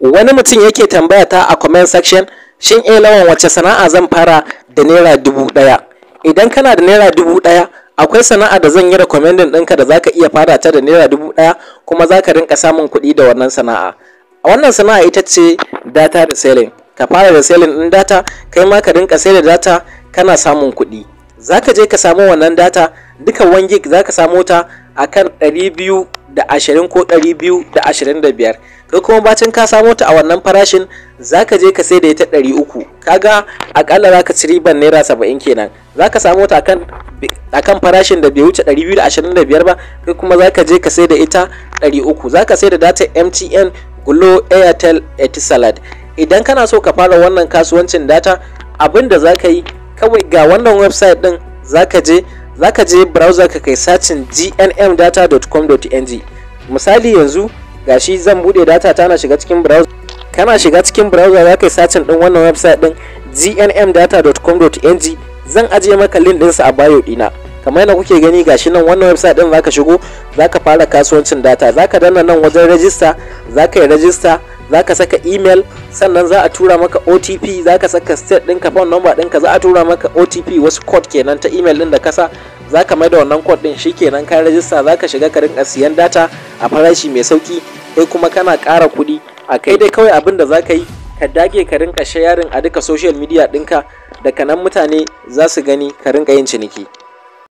wani mutum yake tambaya ta a comment section shin eh lawan wace sana'a zan fara da naira dubu ɗaya idan kana da naira dubu ɗaya akwai sana'a da zan yi recommending ɗinka da zaka iya fara ta da naira dubu ɗaya kuma zaka rinka samun kuɗi da wannan sana'a wannan sana'a ita ce data reselling ka fara reselling ɗin data kai ma ka rinka sai da data kana samun kuɗi zaka je ka samu wannan data duka 1 gig zaka samu ta akan ashirin ko biyu da da ashirin biyar? kai kuma bacin ka samo ta a wannan farashin zaka je ka sai da ita ɗari uku kaga akalla zaka ci riban naira saba'in kenan zaka samo ta akan akan farashin da bai wuce 225 ba kai kuma zaka je ka sai da ita 300 zaka sai da data MTN Glo Airtel etisalad idan kana so ka fara wannan kasuwancin data abinda da zaka yi kawai ga wannan website din zaka je zaka je browser ka kai sacin gnmdata.com.ng misali yanzu gashi zan bude data ta na shiga cikin browser kana shiga cikin browser za ka yi sacin din wannan website din gnmdata.com.ng zan ajiye maka link sa a bio dina kamar yadda kuke gani gashi nan wannan website din zaka shigo zaka fara kasuwancin data zaka danna nan wajen rajista zaka yi rajista zaka saka email sannan za a tura maka OTP zaka saka state ɗinka phone number ɗinka za a tura maka OTP wasu code kenan ta email ɗin da kasa zaka maida wannan code ɗin shikenan ka rajista zaka shiga ka rinka siyan data a farashi mai sauki kai kuma kana ƙara kuɗi a kai dai kawai abin da zaka yi ka dage ka rinka shayarin a duka social media ɗinka da kanan mutane za su gani ka rinka yin ciniki